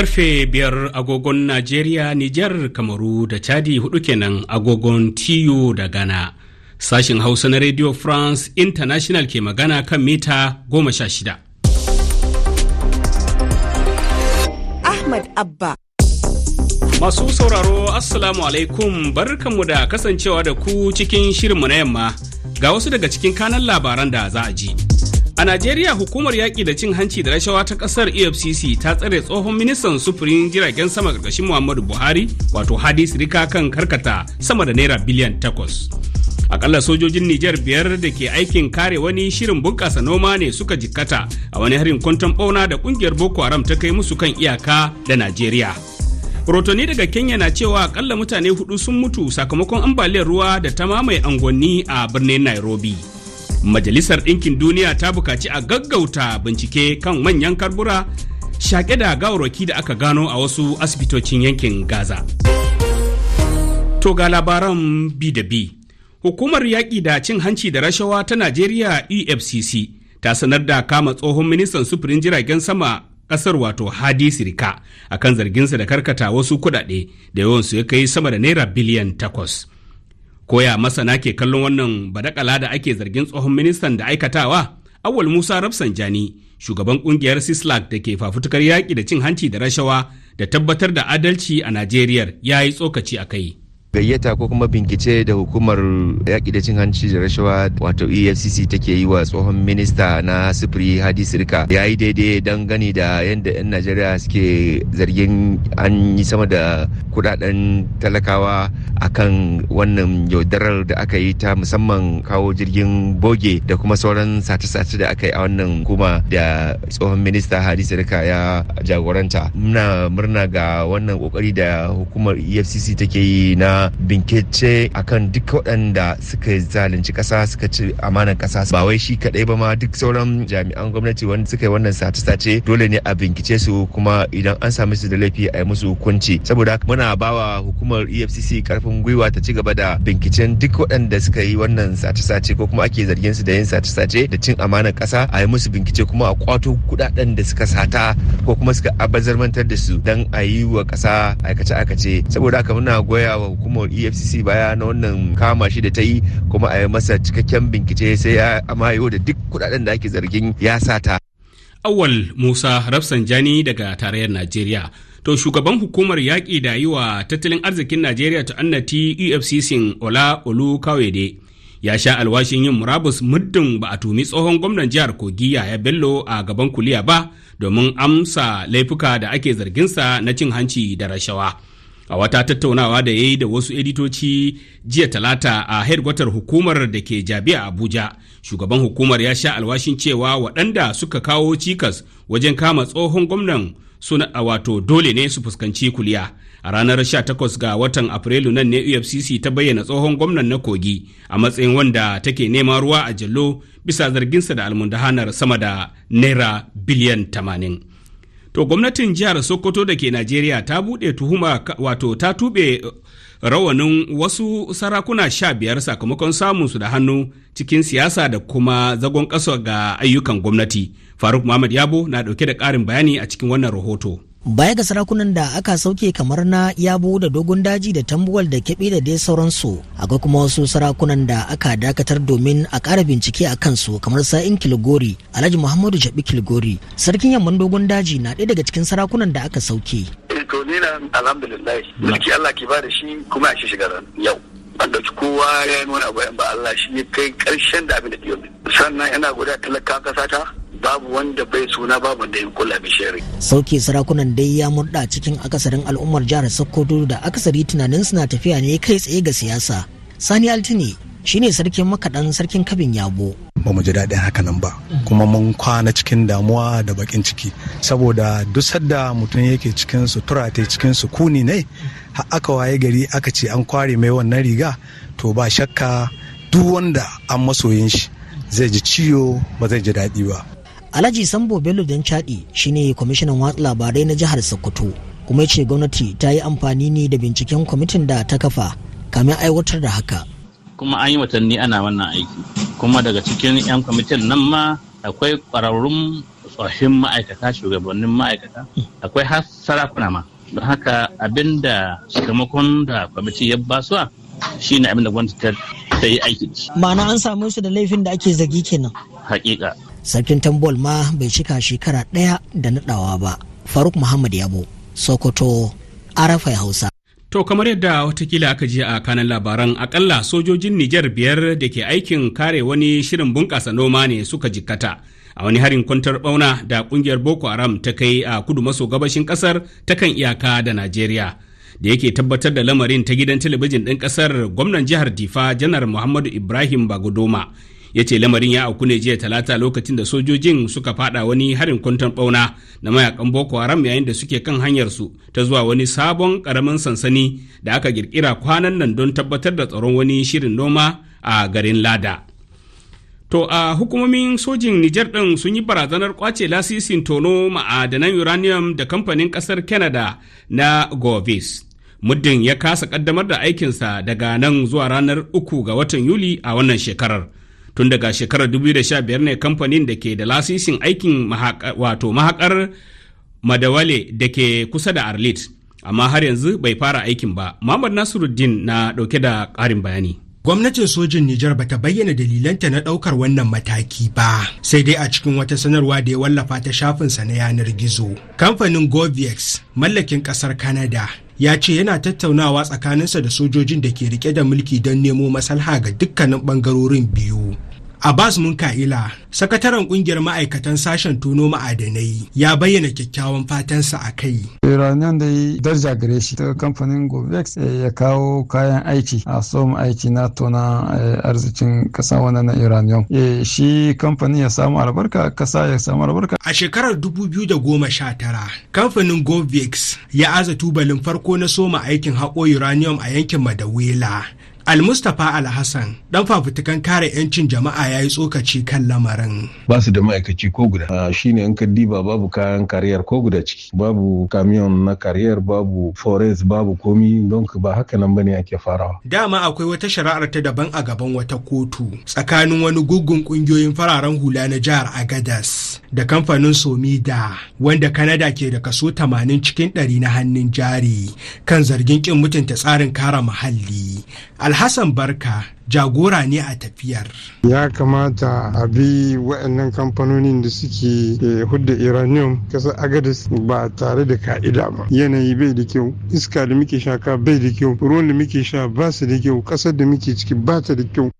Karfe biyar agogon Najeriya, Nijar, Kamaru da Chadi hudu kenan agogon Tiyo da Ghana. Sashen Hausa na Radio France International ke magana kan mita goma sha shida. Ahmad Abba Masu sauraro Assalamu alaikum barkanmu da kasancewa da ku cikin shirinmu na yamma ga wasu daga cikin kanan labaran da za a ji. A Najeriya hukumar yaƙi da cin hanci da rashawa ta ƙasar EFCC ta tsare tsohon ministan sufurin jiragen sama ƙarƙashin Muhammadu Buhari wato Hadis Rika kan karkata sama da naira biliyan takwas. Akalla sojojin Nijar biyar da ke aikin kare wani shirin bunƙasa noma ne suka jikkata a wani harin kwanton ɓauna da ƙungiyar Boko Haram ta kai musu kan iyaka da Najeriya. Rotoni daga Kenya na cewa akalla mutane hudu sun mutu sakamakon ambaliyar ruwa da ta mamaye angonni a birnin Nairobi. Majalisar Ɗinkin Duniya ta bukaci a gaggauta bincike kan manyan karbura shaƙe da gawarwaki da aka gano a wasu asibitocin yankin Gaza. To ga labaran bi da bi Hukumar yaƙi da cin hanci da rashawa ta Najeriya EFCC ta sanar da kama tsohon ministan sufurin jiragen sama ƙasar wato hadi sirika akan zarginsa da karkata wasu kuɗaɗe da yawansu ya kai sama da naira biliyan takwas. Koya masana ke kallon wannan badakala da ake zargin tsohon ministan da aikatawa? Awal Musa Rafsanjani, shugaban kungiyar Sislak da ke fafutukar yaƙi da cin hanci da rashawa da tabbatar da adalci a Najeriya ya yi tsokaci a kai. gayyata ko kuma bincike da hukumar yaƙi da cin hanci da rashawa wato efcc take yi wa tsohon minista na sufuri hadi sirka ya yi daidai don gani da yadda 'yan najeriya suke zargin an yi sama da kudaden talakawa akan wannan yaudarar da aka yi ta musamman kawo jirgin boge da kuma sauran sace-sace da aka yi a wannan kuma da tsohon minista hadisa rika ya jagoranta muna murna ga wannan kokari da hukumar efcc take yi na binkice akan duk waɗanda suka zalunci ƙasa suka ci amanar ƙasa ba wai shi kaɗai ba ma duk sauran jami'an gwamnati wanda suka yi wannan sace-sace dole ne a bincike su kuma idan an sami su da laifi a yi musu hukunci saboda muna bawa hukumar efcc karfin karfin gwiwa ta ci gaba da binkicen duk waɗanda suka yi wannan sace-sace ko kuma ake zargin su da yin sace-sace da cin amanar ƙasa a yi musu bincike kuma a kwato kuɗaɗen da suka sata ko kuma suka abazarmantar da su don a yi wa ƙasa aikace-aikace saboda haka muna goya wa hukumar efcc baya na wannan kama shi da ta yi kuma a yi masa cikakken bincike sai ya amayo da duk kuɗaɗen da ake zargin ya sata. Awal Musa Rafsanjani daga tarayyar Najeriya. To shugaban hukumar yaƙi da yi wa tattalin arzikin Najeriya ta annati EFCC Ola Olu Kawede ya sha alwashin yin murabus muddin ba a tumi tsohon gwamnan jihar Kogi Yaya Bello a gaban kuliya ba domin amsa laifuka da ake zarginsa na cin hanci da rashawa. A wata tattaunawa da ya yi da wasu editoci jiya talata a hedgwatar hukumar da ke jabiya Abuja, shugaban hukumar ya sha alwashin cewa waɗanda suka kawo cikas wajen kama tsohon gwamnan suna a wato dole ne su fuskanci kuliya a ranar 18 ga watan afrilu nan ne ufcc ta bayyana tsohon gwamnan na kogi a matsayin wanda take neman ruwa a jallo bisa zarginsa da almundahanar sama da naira biliyan 80 to gwamnatin jihar sokoto da ke najeriya ta buɗe tuhuma wato ta tuɓe uh, rawanin wasu sarakuna sha biyar sakamakon samunsu da hannu cikin siyasa da kuma zagon ƙasa ga ayyukan gwamnati faruk muhammad yabo na dauke da karin bayani a cikin wannan rahoto baya ga sarakunan da aka sauke kamar na yabo da dogon daji da tambuwal da kebe da dai sauransu akwai kuma wasu sarakunan da aka dakatar domin a ƙara bincike a kansu kamar sa'in kilgori alhaji muhammadu jabi kilgori sarkin yamman dogon daji na ɗaya daga cikin sarakunan da aka sauke eh, to ni alhamdulillah mulki allah ki ba da shi kuma a shi shigar yau kowa ya yi bayan ba Allah shi ne kai ƙarshen da abin da biyo sannan ina guda talaka kasa ta babu wanda bai suna babu da yin kula bishiyari. Sauke sarakunan dai ya murɗa cikin akasarin al'ummar jihar Sokoto da akasari tunanin suna tafiya ne kai tsaye ga siyasa. Sani Altini shine sarkin makaɗan sarkin kabin yabo. ba mu ji daɗin hakanan ba kuma mun kwana cikin damuwa da bakin ciki saboda duk sadda mutum yake cikin sutura ta cikin sukuni ne har aka waye gari aka ce an kware mai wannan riga to ba shakka duk wanda an masoyin shi zai ji ciwo ba zai ji daɗi ba. Alhaji Sambo Bello don caɗi shine kwamishinan watsa labarai na jihar Sokoto kuma ce gwamnati ta yi amfani ne da binciken kwamitin da ta kafa kamin aiwatar da haka. Kuma an yi watanni ana wannan aiki kuma daga cikin 'yan kwamitin nan ma akwai ƙwararrun tsohin ma'aikata shugabannin ma'aikata akwai har sarakuna ma don haka abinda sakamakon da kwamiti ya basuwa shine abin da gwamnati ta yi aiki da shi ma'ana an samu su da laifin da ake zagi kenan hakika sarkin tambol ma bai cika shekara ɗaya da naɗawa ba faruk muhammad yabo sokoto arafai hausa To kamar yadda watakila aka ji a kanan labaran akalla sojojin Nijar biyar da ke aikin kare wani shirin bunƙasa noma ne suka jikkata a wani harin kwantar bauna da kungiyar boko haram ta kai a kudu maso gabashin kasar ta kan iyaka da najeriya da yake tabbatar da lamarin ta gidan talabijin ɗin ƙasar gwamnan jihar difa janar muhammadu ibrahim bagodoma ya ce lamarin ya auku ne jiya talata lokacin da sojojin suka fada wani harin kwantar bauna na mayakan boko haram yayin da suke kan hanyarsu ta zuwa wani sabon karamin sansani da aka kirkira kwanan nan don tabbatar da tsaron wani shirin noma a garin lada To a hukumomin sojin Nijar ɗin sun yi barazanar kwace lasisin tono ma'adanan uranium da kamfanin ƙasar Canada na Govis. Muddin ya kasa ƙaddamar da aikinsa daga nan zuwa ranar uku ga watan Yuli a wannan shekarar. Tun daga shekarar 2015 ne kamfanin da ke da lasisin aikin wato mahakar Madawale da ke kusa da Arlit, amma har yanzu bai fara aikin ba. Muhammad Nasiruddin na ɗauke da ƙarin bayani. Gwamnatin sojin Nijar bata bayyana dalilanta na ɗaukar wannan mataki ba, sai dai a cikin wata sanarwa da ya wallafa ta shafinsa na yanar gizo. Kamfanin Govex, mallakin ƙasar Canada, ya ce yana tattaunawa tsakaninsa da sojojin da ke rike da mulki don nemo masalha ga dukkanin ɓangarorin biyu. Abbas Munkaila, sakataren kungiyar ma'aikatan sashen tono ma'adanai ya bayyana kyakkyawan fatansa a kai. Iranian da yi darja gare shi daga kamfanin Govex eh, ya kawo kayan aiki a som aiki na tona eh, arzikin kasa wannan na Iranian. Eh, shi kamfanin ya samu albarka kasa ya samu albarka. A shekarar 2019 kamfanin Govex ya aza tubalin farko na soma aikin haƙo uranium a yankin Madawela. Almustapha Alhassan dan fafutukan kare 'yancin jama'a ya yi tsokaci kan lamarin. Ba su da ma'aikaci ko guda. Ah, Shi ne an diba babu kayan kariyar ko guda ciki. Babu kamiyon na kariyar babu forest babu komi don ba haka nan bane ake farawa. Dama akwai wata shari'ar ta daban a gaban wata kotu tsakanin wani gugun kungiyoyin fararen hula na jihar Agadas. da kamfanin somida wanda kanada ke da kaso 80 cikin 100 na hannun jari kan zargin kin mutunta tsarin kara muhalli alhassan barka jagora ne a tafiyar ya kamata a bi waɗannan kamfanonin da suke eh, hudda iranium kasar agadis ba tare da ka'ida ba yanayi bai da kyau iska da muke shaka bai da kyau ruwan da muke sha ba su da kyau ƙasar da muke ciki ba ta da kyau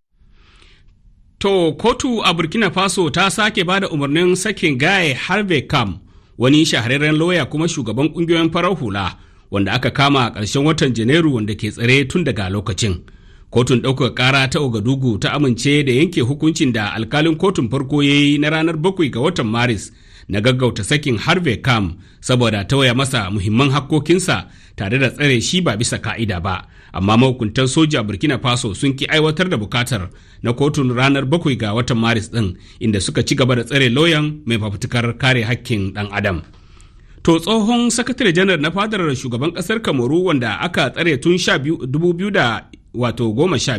To, kotu a Burkina Faso ta sake bada umarnin sakin gaye Harvey Kam, wani shahararren lauya kuma shugaban kungiyoyin farar hula, wanda aka kama a ƙarshen watan Janairu wanda ke tsare tun daga lokacin. Kotun ɗaukar ƙara ta Ogadugu ta amince da yanke hukuncin da alkalin kotun farko ya yi na ranar bakwai ga watan Maris na gaggauta sakin harvey kam saboda tawaya masa muhimman hakkokinsa tare da tsare shi ba bisa ka'ida ba amma mahukuntan soja burkina faso sun ki aiwatar da bukatar na kotun ranar bakwai ga watan maris ɗin inda suka ci gaba da tsare lauyan mai fafutukar kare hakkin ɗan adam To tsohon sakatare janar na fadar shugaban kasar Kamaru wanda aka tsare tun dubu wato goma sha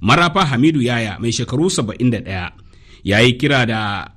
marafa Hamidu Yaya mai shekaru saba'in da ɗaya ya yi kira da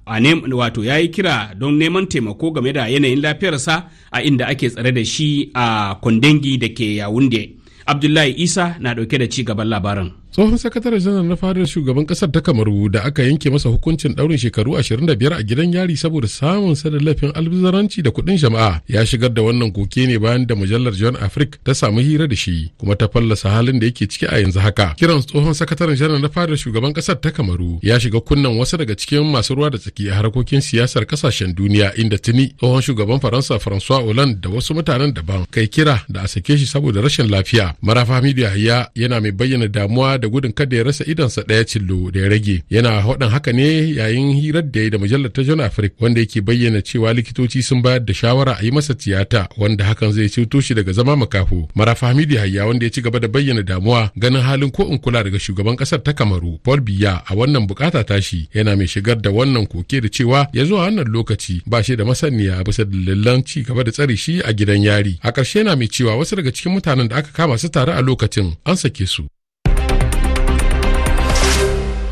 wato ya yi kira don neman taimako game da yanayin lafiyarsa a inda ake tsare da shi a kundengi da ke yawunde abdullahi isa na dauke da ci gaban labarin tsohon sakataren janar na fadar shugaban kasar ta kamaru da aka yanke masa hukuncin daurin shekaru 25 a gidan yari saboda samun da laifin albizaranci da kuɗin jama'a ya shigar da wannan koke ne bayan da mujallar john Africa ta samu hira da shi kuma ta fallasa halin da yake ciki a yanzu haka kiran tsohon sakataren janar na fadar shugaban kasar ta kamaru ya shiga kunnen wasu daga cikin masu ruwa da tsaki a harkokin siyasar kasashen duniya inda tuni tsohon shugaban faransa francois hollande da wasu mutanen daban kai kira da a sake shi saboda rashin lafiya marafa media ya yana mai bayyana damuwa da gudun kada ya rasa idonsa ɗaya cillo da ya rage yana haɗin haka ne yayin hirar da ya da mujallar ta john africa wanda yake bayyana cewa likitoci sun bayar da shawara a yi masa tiyata wanda hakan zai ceto shi daga zama makafo marafa hamidu hayya wanda ya ci gaba da bayyana damuwa ganin halin ko in kula daga shugaban kasar ta kamaru paul biya a wannan bukata tashi yana mai shigar da wannan koke da cewa ya zuwa wannan lokaci ba shi da masaniya bisa dalilan ci gaba da tsare shi a gidan yari a ƙarshe yana mai cewa wasu daga cikin mutanen da aka kama su tare a lokacin an sake su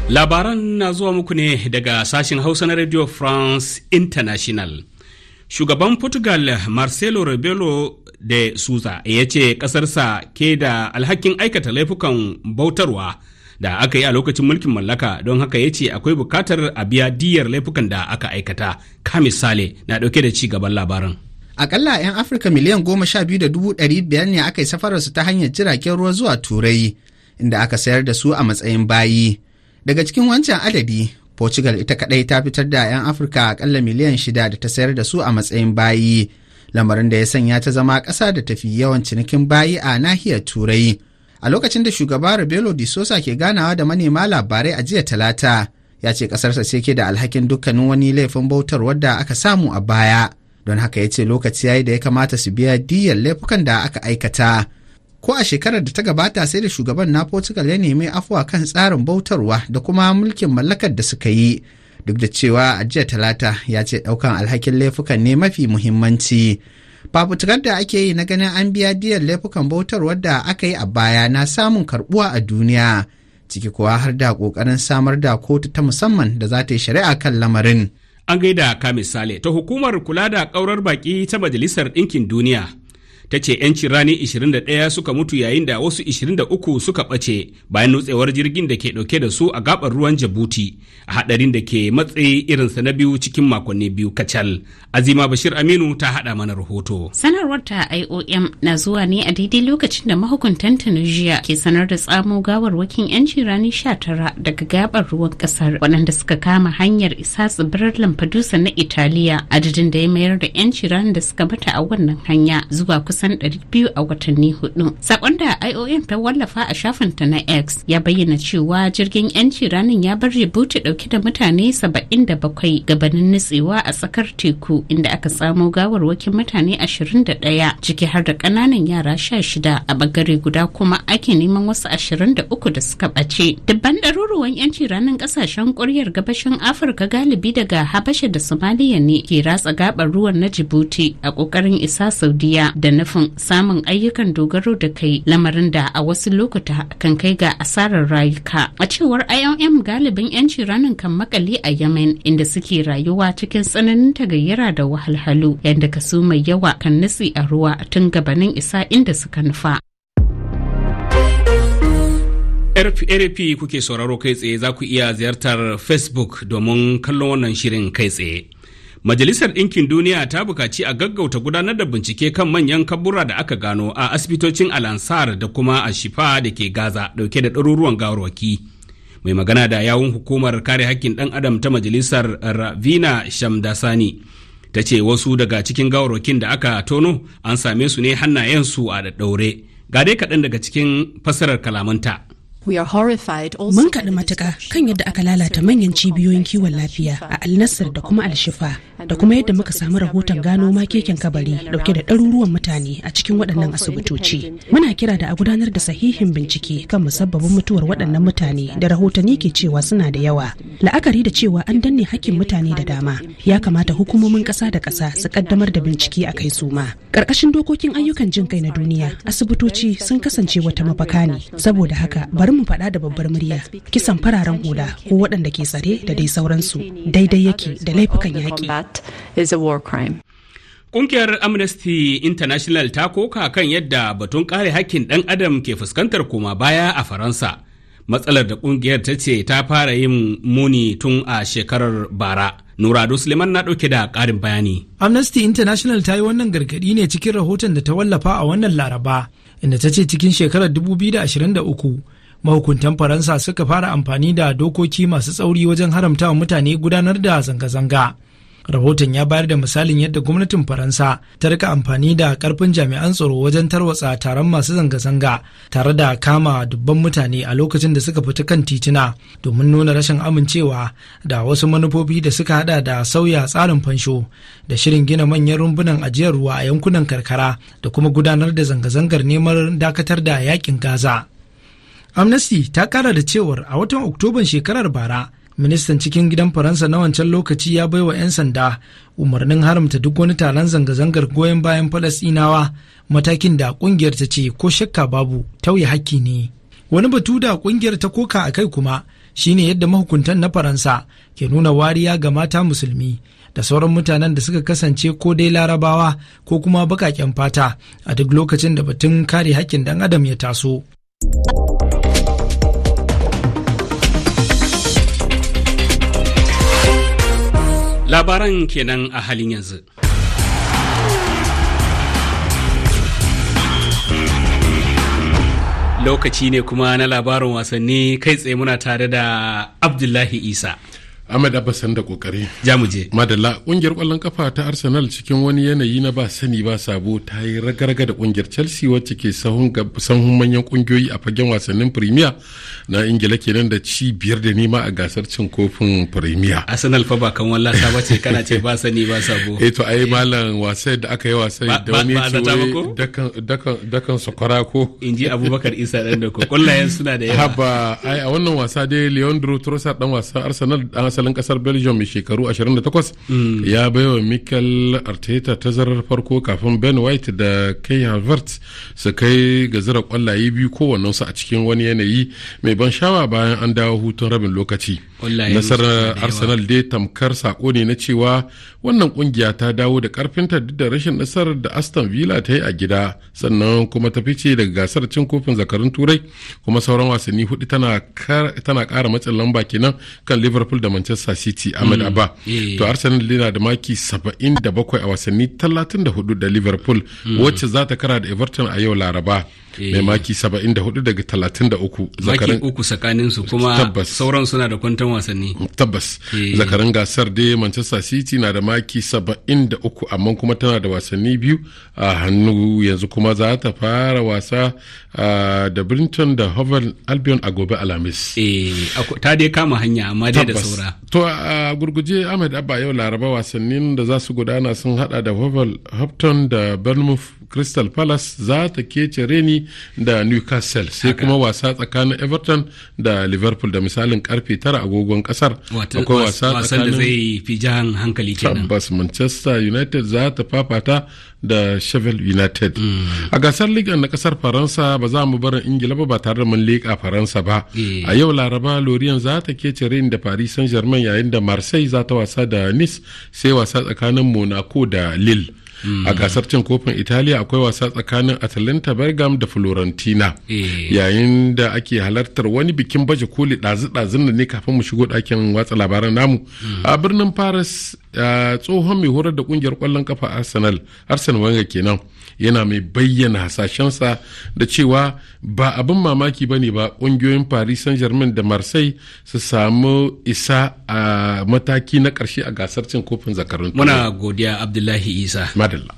Labaran na zuwa muku ne daga sashen Hausa na Radio France International. Shugaban Portugal Marcelo Rebelo de Souza ya ce ƙasarsa ke da alhakin aikata laifukan bautarwa da aka yi a lokacin mulkin mallaka don haka ya ce akwai bukatar a biya diyar laifukan da aka aikata. Ka misali na ɗauke da ci gaban labarin. akalla 'yan afirka miliyan goma sha biyu da dubu ɗari biyar ne aka yi safararsu ta hanyar jiragen ruwa zuwa turai inda aka sayar da su a matsayin bayi daga cikin wancan adadi portugal ita kaɗai ta fitar da 'yan afirka akalla miliyan shida da ta sayar da su a matsayin bayi lamarin da ya sanya ta zama ƙasa da tafi yawan cinikin bayi a nahiyar turai a lokacin da shugaba Rebelo di Sosa ke ganawa da manema labarai a jiya talata ya ce ƙasarsa ce ke da alhakin dukkanin wani laifin bautar wadda aka samu a baya don haka ya ce lokaci ya yi da ya kamata su biya diyyar laifukan da aka aikata ko a shekarar da ta gabata sai da shugaban na portugal ya nemi afuwa kan tsarin bautarwa da kuma mulkin mallakar da suka yi duk da cewa a jiya talata ya ce daukan alhakin laifukan ne mafi muhimmanci fafutukar da ake yi na ganin an biya diyar laifukan bautarwar da aka yi a baya na samun karbuwa a duniya ciki kuwa har da kokarin samar da kotu ta musamman da za ta yi shari'a kan lamarin an gaida ka misali ta hukumar kula da kaurar baki ta majalisar ɗinkin duniya ta ce 'yanci rani 21 suka mutu yayin da wasu 23 suka ɓace bayan nutsewar jirgin da ke ɗauke da su a gabar ruwan jabuti a haɗarin da ke matsi irinsa na biyu cikin makonni biyu kacal azima bashir aminu ta haɗa mana rahoto sanarwar ta iom na zuwa ne a daidai lokacin da mahukuntan tunisia ke sanar da tsamo gawarwakin 'yanci rani 19 daga gabar ruwan ƙasar waɗanda suka kama hanyar isa tsibirar lamfadusa na italiya adadin da ya mayar da 'yanci ranar da suka bata a wannan hanya zuwa kusa kusan 200 a watanni hudu. Sakon da IOM ta wallafa a shafinta na X ya bayyana cewa jirgin 'yanci ranar ya bar jibuti dauke da mutane 77 gabanin nutsewa a tsakar teku inda aka samo gawarwakin mutane 21 ciki har da ƙananan yara 16 a bangare guda kuma ake neman wasu 23 da suka ɓace. dabban ɗaruruwan 'yanci ranar ƙasashen ƙuryar gabashin Afirka galibi daga Habasha da Somaliya ne ke ratsa gabar ruwan na jibuti a ƙoƙarin isa Saudiya da na nufin samun ayyukan dogaro da kai lamarin da a wasu lokuta kan kai ga asarar rayuka a cewar IOM galibin 'yanci ranar kan makale a Yemen inda suke rayuwa cikin tsananin tagayyara da wahalhalu yadda kaso mai yawa kan nutsi a ruwa tun gabanin isa inda suka nufa. rfp kuke sauraro kai tsaye za ku iya ziyartar Facebook domin kallon wannan shirin kai tsaye. Majalisar Ɗinkin Duniya ta bukaci a gaggauta gudanar da bincike kan manyan kabura da aka gano a asibitocin al'ansar da kuma a Shifa da ke Gaza dauke da ɗaruruwan gawarwaki. Mai magana da yawun hukumar kare hakkin ɗan adam ta majalisar Ravina Shamdasani ta ce wasu daga cikin gawarwakin da aka tono an same su ne hannayensu a ɗaure Ga dai kaɗan daga cikin fassarar kalamanta. Mun kaɗi matuka kan yadda aka lalata manyan cibiyoyin kiwon lafiya a Alnassar da kuma Alshifa da kuma yadda muka samu rahoton gano makeken kabari dauke da ɗaruruwan mutane a cikin waɗannan asibitoci. Muna kira da a gudanar da sahihin bincike kan musabbabin mutuwar waɗannan mutane da rahotanni ke cewa suna da yawa. La'akari da cewa an danne hakkin mutane da dama ya kamata hukumomin ƙasa da ƙasa su ƙaddamar da bincike a kai su ma. Ƙarƙashin dokokin ayyukan jin kai na duniya asibitoci sun kasance wata mafaka ne saboda haka bari mu faɗa da babbar murya kisan fararen hula ko waɗanda ke tsare da dai sauransu daidai yake da laifukan yaƙi. Ƙungiyar Amnesty International ta koka kan yadda batun kare hakkin ɗan adam ke fuskantar koma baya a Faransa. Matsalar da ƙungiyar ta ce ta fara yin muni tun a shekarar bara. Nurado Suleiman na ɗauke da ƙarin bayani. Amnesty International ta yi wannan gargaɗi ne cikin rahoton da ta wallafa a wannan Laraba, inda ta ce cikin shekarar 2023 mahukuntan faransa suka fara amfani da dokoki masu tsauri wajen haramta wa mutane gudanar da zanga-zanga rahoton ya bayar da misalin yadda gwamnatin faransa ta rika amfani da karfin jami'an tsaro wajen tarwatsa taron masu zanga-zanga tare da kama dubban mutane a lokacin da suka fita kan tituna domin nuna rashin amincewa da wasu manufofi da suka hada da sauya tsarin fansho da shirin gina manyan rumbunan ajiyar ruwa a yankunan karkara da kuma gudanar da zanga-zangar neman dakatar da yakin gaza amnesty ta kara da cewar a watan oktoban shekarar bara ministan cikin gidan faransa na wancan lokaci ya baiwa 'yan sanda umarnin haramta duk wani taron zanga-zangar goyon bayan falasinawa matakin da kungiyar ta ce ko shakka babu tauye haƙƙi ne wani batu da kungiyar ta koka a kai kuma shine yadda mahukuntan na faransa ke nuna wariya ga mata musulmi da sauran mutanen da suka kasance ko dai larabawa ko kuma baƙaƙen fata a duk lokacin da batun kare haƙƙin ɗan adam ya taso labaran kenan a halin yanzu lokaci ne kuma na labarin wasanni kai tsaye muna tare da abdullahi isa Ahmed Abbasan da kokari. Ja mu je. Madalla kungiyar kwallon kafa ta Arsenal cikin wani yanayi na ba sani ba sabo ta yi ragarga da kungiyar Chelsea wacce ke sahun sahun manyan kungiyoyi a fagen wasannin Premier na Ingila kenan da ci biyar da nima a gasar cin kofin Premier. Arsenal fa ba kan wallah ta bace kana ce ba sani ba sabo. Eh to ai malam wasai da aka yi wasai da wani ya ce dakan dakan dakan sokora ko. In ji Abubakar Isa dan da ko kullayen suna da yawa. Haba ai a wannan wasa dai Leandro Trossard dan wasa Arsenal dan asalin kasar belgium mai shekaru 28 mm. ya bai wa mikel arteta tazarar farko kafin ben white da kai harvard su kai ga zira kwallaye biyu su a cikin wani yanayi mai ban shawa bayan an dawo hutun rabin lokaci nasarar arsenal dai tamkar sako ne na cewa wannan kungiya ta dawo da karfinta duk da rashin nasarar da aston villa ta yi a gida sannan kuma ta fice daga gasar cin kofin zakarun turai kuma sauran wasanni hudu tana kara matsin lamba kenan kan liverpool da manchester manchester city ahmed mm. abba eh. to arsenal yana da maki 77 a wasanni 34 da liverpool mm. wacce za ta kara da everton a yau laraba Eh. mai maki 74 daga 33 zakaran uku tsakanin su kuma tabbas sauran suna da kwantan wasanni tabbas eh. zakarin gasar dai Manchester City na da maki 73 amma kuma tana da wasanni biyu a hannu yanzu kuma za ta fara wasa da Brinton da hover Albion a gobe alamis. Eh, ta dai kama hanya amma dai da saura to a gurguje Ahmed Abba yau Laraba wasannin da za su gudana sun hada da hover hopton da Bournemouth crystal palace za ta kece reni da newcastle sai kuma wasa tsakanin everton da liverpool da misalin karfe tara agogon kasar akwai wasa tsakanin da hankali tabbas manchester united za ta fafata da Sheffield United. Hmm. A gasar Liga na kasar Faransa ba za mu barin Ingila ba ba tare da mun leƙa Faransa ba. Eh. A yau Laraba Lorient za ta kece reni da Paris Saint-Germain yayin da Marseille za ta wasa da Nice sai wasa tsakanin Monaco da Lille. a gasar cin kofin italiya akwai wasa tsakanin atalanta bergam da florentina eh. yayin da ake halartar wani bikin baje koli ɗazu-ɗazun ne kafin mu shigo ɗakin watsa labaran namu hmm. a birnin paris tsohon mai horar da kungiyar kwallon kafa arsenal arsenal wanga kenan yana mai bayyana hasashensa da cewa ba abin mamaki ba ne ba kungiyoyin paris saint germain da marseille su samu isa a mataki na karshe a gasar cin kofin zakarun muna godiya abdullahi isa madalla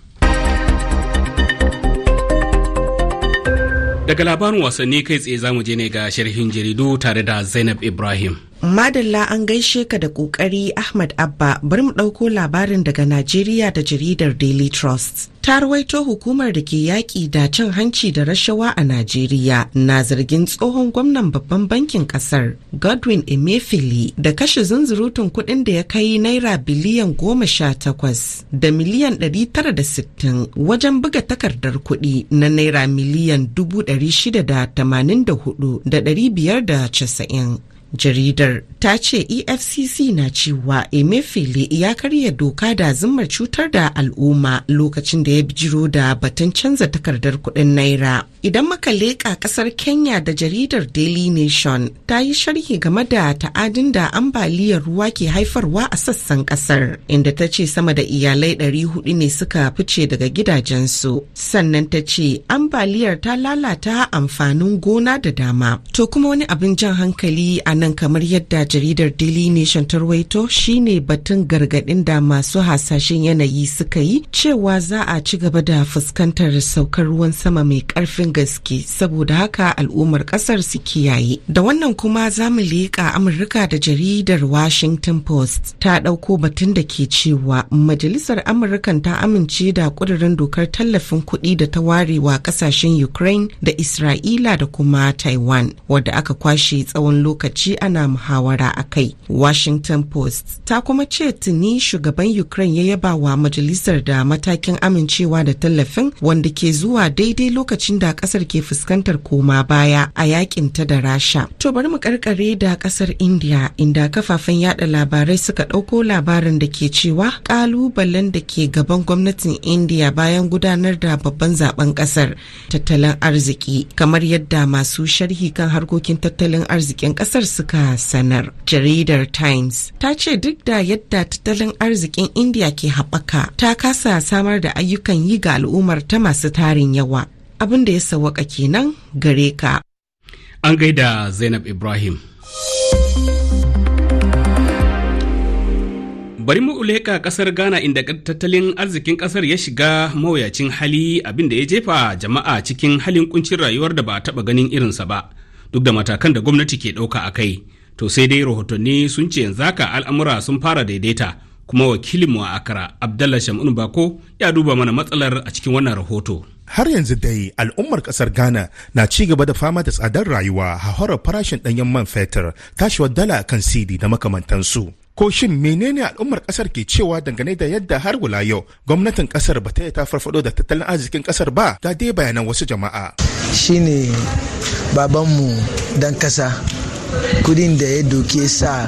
daga labarin wasanni kai tsaye zamu je ne ga sharhin jaridu tare da zainab ibrahim Madalla an gaishe ka da ƙoƙari Ahmad Abba bari mu ɗauko labarin daga Najeriya da jaridar Daily Trust. Ta ruwaito hukumar da ke yaƙi da cin hanci da rashawa a Najeriya na zargin tsohon gwamnan babban bankin ƙasar Godwin emefili da kashe zunzurutun kuɗin da ya kai naira biliyan goma sha takwas da miliyan ɗari tara da sittin wajen buga takardar kuɗi na naira miliyan dubu ɗari shida da tamanin da hudu da ɗari biyar da casa'in. jaridar ta ce efcc na cewa emefiele ya karya doka da zimmar cutar da al'umma lokacin da ya bijiro da batun canza takardar kuɗin naira idan muka leƙa ƙasar kenya da jaridar daily nation ta yi sharhi game da ta'adin da ambaliyar ruwa ke haifarwa a sassan ƙasar inda ta ce sama da iyalai 400 ne suka fice daga gidajensu sannan ta ce ambaliyar ta lalata amfanin gona da dama to kuma wani abin jan hankali a nan kamar yadda jaridar daily nation ta ruwaito shine batun gargaɗin da masu hasashen yanayi suka yi cewa za a ci gaba da fuskantar saukar ruwan sama mai ƙarfin gaske saboda haka al'ummar ƙasar su kiyaye da wannan kuma za mu leƙa amurka da jaridar washington post ta ɗauko batun da ke cewa majalisar amurkan ta amince da ƙudurin dokar tallafin kuɗi da ta ware wa ƙasashen ukraine da isra'ila da kuma taiwan wadda aka kwashe tsawon lokaci ji ana muhawara a kai. Washington Post ta kuma ce tuni shugaban Ukraine ya yaba wa majalisar da matakin amincewa da tallafin wanda ke zuwa daidai lokacin da kasar ke fuskantar koma baya a yakin ta da Rasha. To bari mu karkare da kasar India inda kafafen yada labarai suka ɗauko labarin da ke cewa kalubalen da ke gaban gwamnatin India bayan gudanar da babban zaben kasar tattalin arziki kamar yadda masu sharhi kan harkokin tattalin arzikin kasar suka sanar. Jaridar Times ta ce duk da yadda tattalin arzikin India ke haɓaka ta kasa samar da ayyukan yi ga al'ummar ta masu tarin yawa. Abin da ya sawaka kenan gare ka. An gaida Zainab Ibrahim. bari mu uleka kasar ghana inda tattalin arzikin kasar ya shiga mawuyacin hali abinda ya jefa jama'a cikin halin kuncin rayuwar da ba a taba ganin irinsa ba duk da matakan da gwamnati ke ɗauka a kai to sai dai rahotanni sun ce yanzu haka al'amura sun fara daidaita kuma wakilinmu a akara abdallah shamun bako ya duba mana matsalar a cikin wannan rahoto har yanzu dai al'ummar kasar ghana na ci gaba da fama da tsadar rayuwa a horar farashin ɗanyen man fetur tashiwar dala kan cd da makamantansu ko shin menene al'ummar kasar ke cewa dangane da yadda har wula yau gwamnatin kasar ba ta yi ta farfado da tattalin arzikin kasar ba ga dai bayanan wasu jama'a shine babanmu dan kasa kudin da ya doke sa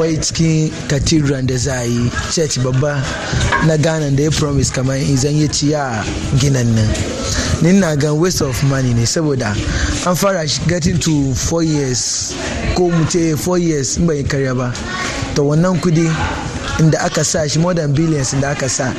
wai cikin cathedral da za a yi church babba na ghana da ya promise kamar izan ya ci ya ginan nan ni na gan waste of money ne saboda an fara getting to four years ko mu ce four years in bai karya ba to wannan kudi inda aka sa shi more than billions da aka sa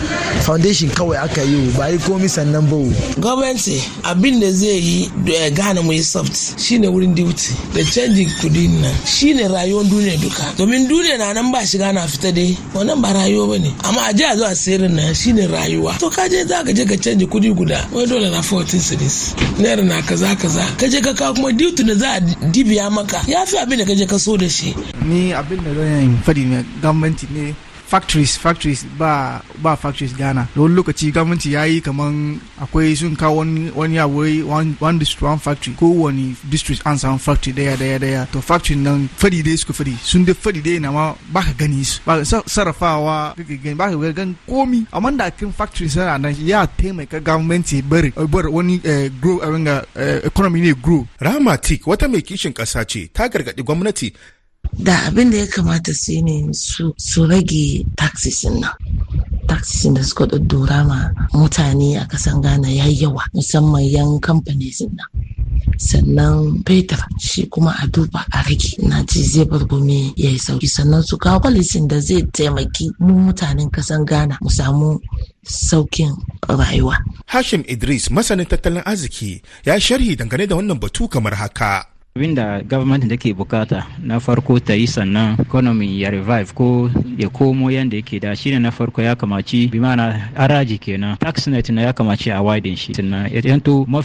foundation kawai aka yi ba yi komi sannan ba gwamnati abin da zai yi eh, gane muyi yi soft shine wurin duty da canjin na nan shine rayuwar duniya duka domin duniya na nan ba shiga na fita dai wannan ba rayuwa bane amma a ji a zo na sayar nan shine rayuwa to ka je za ka je ka canji kudi guda wai dole na 14 cedis naira na kaza kaza ka je ka kawo kuma duty da za a dibiya maka ya fi abin da ka je ka so da shi ni abin da zan fadi ne gwamnati ne factories factories ba ba factories ghana da wani lokaci gwamnati ya yi kaman akwai sun kawo wani abu one district one factory ko wani district an samu factory daya daya daya to factory nan fadi dai suka fadi sun dai fadi dai na ma ba ka gani su ba ka sarrafawa kake gani ba ka gan komi amma da kin factory sana nan ya taimaka gwamnati bari bari wani eh, grow a eh, economy ne grow ramatik wata mai kishin kasa ce ta gargadi gwamnati da abin da ya kamata su ne su rage taxisin nan taxisin da suka ɗaddora ma mutane a kasan ghana ya yawa musamman yan kamfanin nan sannan fetur shi kuma a duba a rage na ce, zai bar gome ya yi sauki sannan su kawo kwalisin da zai taimaki mu mutanen kasan ghana mu samu saukin rayuwa hashim idris masanin tattalin arziki ya sharhi dangane da wannan batu kamar haka Abin da gwamnati ke bukata na farko ta yi sannan economy ya revive ko ya komo yadda yake da shine na farko ya kamaci bi mana haraji kenan tax net na ya kamaci a widen shi sannan yadda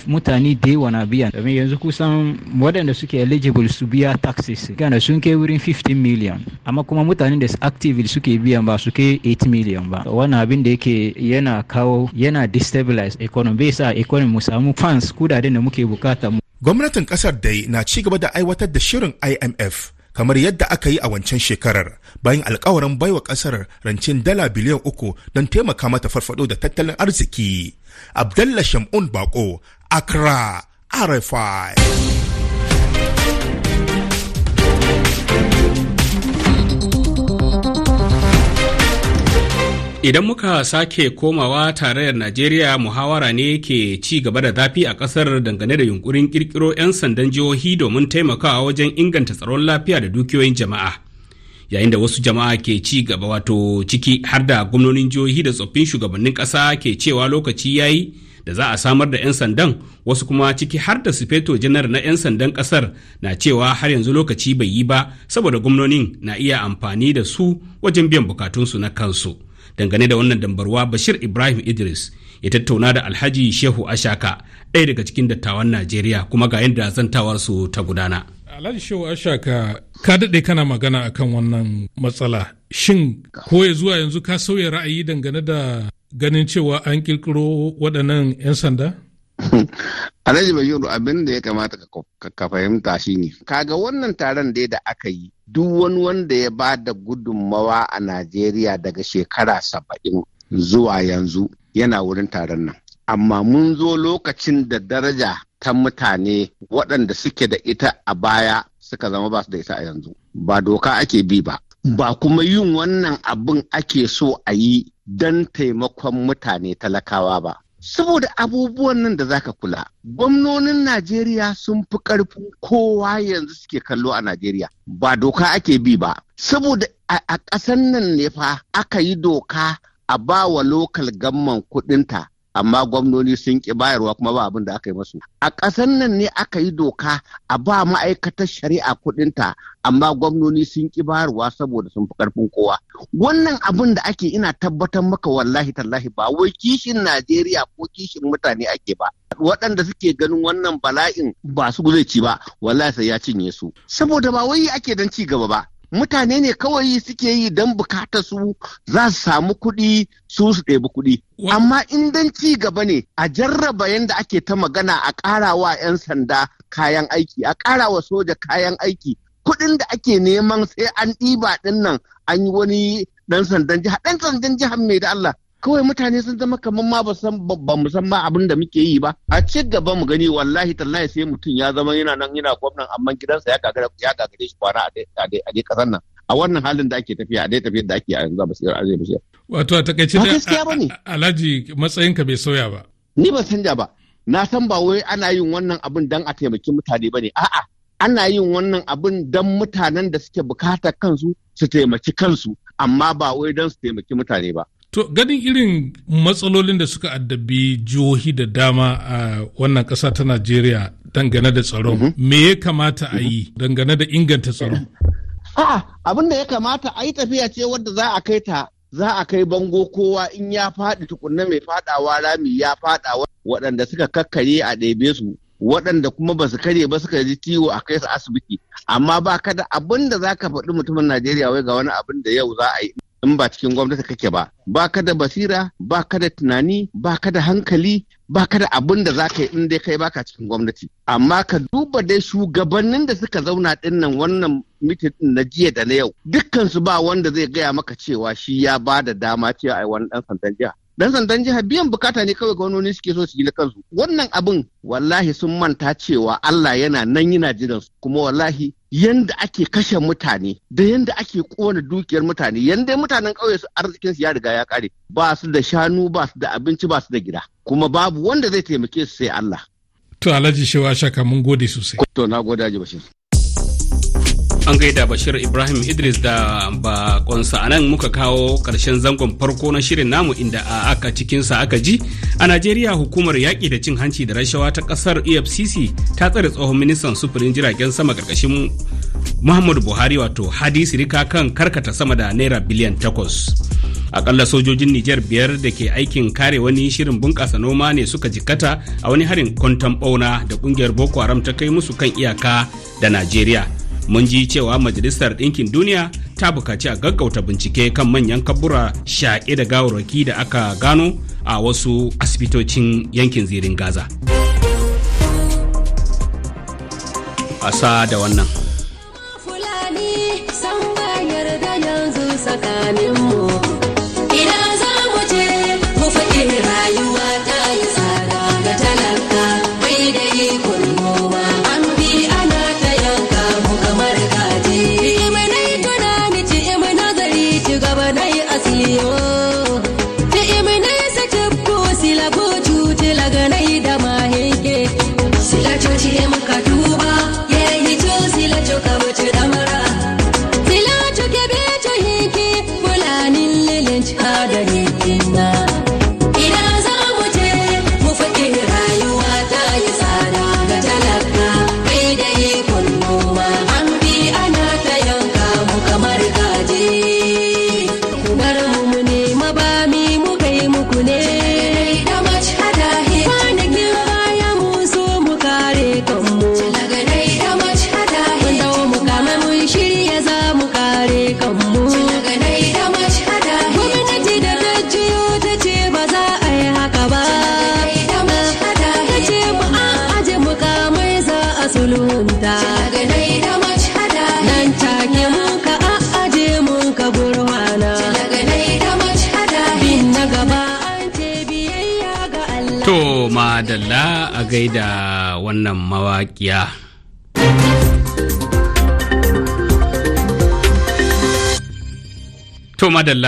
mutane da yawa na biyan domin yanzu kusan waɗanda suke eligible su biya taxes gana sun ke wurin 15 million amma kuma mutane da active suke biyan ba su ke 8 million ba wannan abin da yake yana kawo yana destabilize economy bai sa economy mu samu funds kudaden da muke bukata mu Gwamnatin ƙasar dai na ci gaba da aiwatar da shirin IMF kamar yadda aka yi a wancan shekarar bayan alkawarin baiwa ƙasar rancen dala biliyan uku don taimaka mata farfado da tattalin arziki. Abdallah Shamun Bako, Accra, RFI. Idan muka sake komawa tarayyar Najeriya muhawara ne ke ci gaba da zafi a kasar dangane da yunkurin kirkiro 'yan sandan jihohi domin taimakawa wajen inganta tsaron lafiya da dukiyoyin jama'a. Yayin da wasu jama'a ke ci gaba wato ciki har da gwamnonin jihohi da tsoffin shugabannin kasa ke cewa lokaci yayi da za a samar da 'yan sandan wasu kuma ciki har da sufeto janar na 'yan sandan kasar na cewa har yanzu lokaci bai yi ba saboda gwamnonin na iya amfani da su wajen biyan bukatunsu na kansu. dangane da wannan dambarwa bashir ibrahim idris ya tattauna da alhaji shehu ashaka ɗaya daga cikin dattawan najeriya kuma ga yadda zantawarsu ta gudana alhaji shehu ashaka ka daɗe kana magana akan wannan matsala shin ko zuwa yanzu ka sauya ra'ayi dangane da ganin cewa an ƙirƙiro waɗannan 'yan sanda Alhaji Bashiru abin da ya kamata ka fahimta shi ne. Kaga wannan taron dai da aka yi duk wani wanda ya ba da gudunmawa a Najeriya daga shekara saba'in zuwa yanzu yana wurin taron nan. Amma mun zo lokacin da daraja ta mutane waɗanda suke da ita a baya suka zama ba su da ita a yanzu. Ba doka ake bi ba. Ba kuma yin wannan abin ake so a yi don taimakon mutane talakawa ba. saboda abubuwan nan da za ka kula gwamnonin najeriya sun fi karfin kowa yanzu suke kallo a najeriya ba doka ake bi ba saboda a ƙasan nan ne fa aka yi doka a ba wa lokal gamman kuɗinta amma gwamnoni sun ki bayarwa kuma ba abin da aka yi masu a ƙasar nan ne aka yi doka a ba ma'aikatar shari'a kuɗinta amma gwamnoni sun ki bayarwa saboda sun fi ƙarfin kowa wannan abin da ake ina tabbatar maka wallahi tallahi ba wai kishin najeriya ko kishin mutane ake ba waɗanda suke ganin wannan bala'in ba su zai ci ba wallahi sai ya cinye su saboda ba wai ake don ci gaba ba mutane ne kawai suke yi don bukata su za su samu kuɗi su su ɗebi kuɗi. Amma in don ci gaba ne a jarraba yadda ake ta magana a ƙara wa 'yan sanda kayan aiki, a ƙara wa soja kayan aiki. Kuɗin da ake neman sai an ɗiba ɗin nan an yi wani ɗan sandan jiha, ɗan sandan jihar mai da Allah kawai mutane sun zama kamar ma ba san ba mu san ma abin da muke yi ba a ci gaba mu gani wallahi tallahi sai mutum ya zama yana nan yana gwamnan amma gidansa ya gagare ya gagare shi kwana a dai kasan nan a wannan halin da ake tafiya a dai tafiyar da ake a yanzu ba sai azai bashir wato a takaice da alhaji matsayin ka bai sauya ba ni ban canja ba na san ba wai ana yin wannan abin dan a taimaki mutane bane a'a ana yin wannan abin dan mutanen da suke bukatar kansu su taimaki kansu amma ba wai dan su taimaki mutane ba To ganin irin matsalolin da suka addabi jihohi da dama a wannan ƙasa ta Najeriya dangane da tsaro, mhm. me ya kamata a yi dangane da inganta tsaro? A'a, abin da ya kamata a yi tafiya ce wadda za a kai ta, za a kai bango kowa in ya faɗi tukunna mai faɗawa rami ya faɗa waɗanda suka kakkare a ɗebe su. waɗanda kuma ba su kare ba suka ji ciwo a kai su asibiti amma ba kada abin da za ka faɗi mutumin najeriya wai ga wani abin da yau za a yi in ba cikin gwamnati kake ba ba ka da basira ba ka da tunani ba ka da hankali ba ka da abin da za ka yi in dai kai baka cikin gwamnati amma ka duba dai shugabannin da suka zauna dinnan wannan mitin na jiya da na yau dukkansu ba wanda zai gaya maka cewa shi ya ba da dama cewa ai wani dan sandan jiha dan sandan jiha biyan bukata ne kawai gwamnoni suke so su yi kansu wannan abin wallahi sun manta cewa Allah yana nan yana jiran su kuma wallahi yanda ake kashe mutane da yanda ake kona dukiyar mutane yanda mutanen ƙauye su arzikin su ya riga ya kare ba su da shanu ba su da abinci ba su da gida kuma babu wanda zai taimake su sai Allah to Alhaji Shewa Shaka mun gode sosai to na gode Haji Bashir an gaida bashir ibrahim idris da bakonsa a nan muka kawo karshen zangon farko na shirin namu inda a aka cikinsa aka ji a najeriya hukumar yaƙi da cin hanci da rashawa ta ƙasar efcc ta tsare tsohon ministan sufurin jiragen sama ƙarƙashin muhammadu buhari wato hadisi rika kan karkata sama da naira biliyan takwas akalla sojojin Nijar biyar da ke aikin kare wani shirin bunƙasa noma ne suka jikkata a wani harin kwantan bauna da ƙungiyar Boko Haram ta kai musu kan iyaka da Najeriya. mun ji cewa majalisar ɗinkin duniya ta bukaci a gaggauta bincike kan manyan kabura shaƙe da gawarwaki da aka gano a wasu asibitocin yankin zirin gaza asa da wannan tsakaninmu gaida wannan mawaƙiya. To madalla.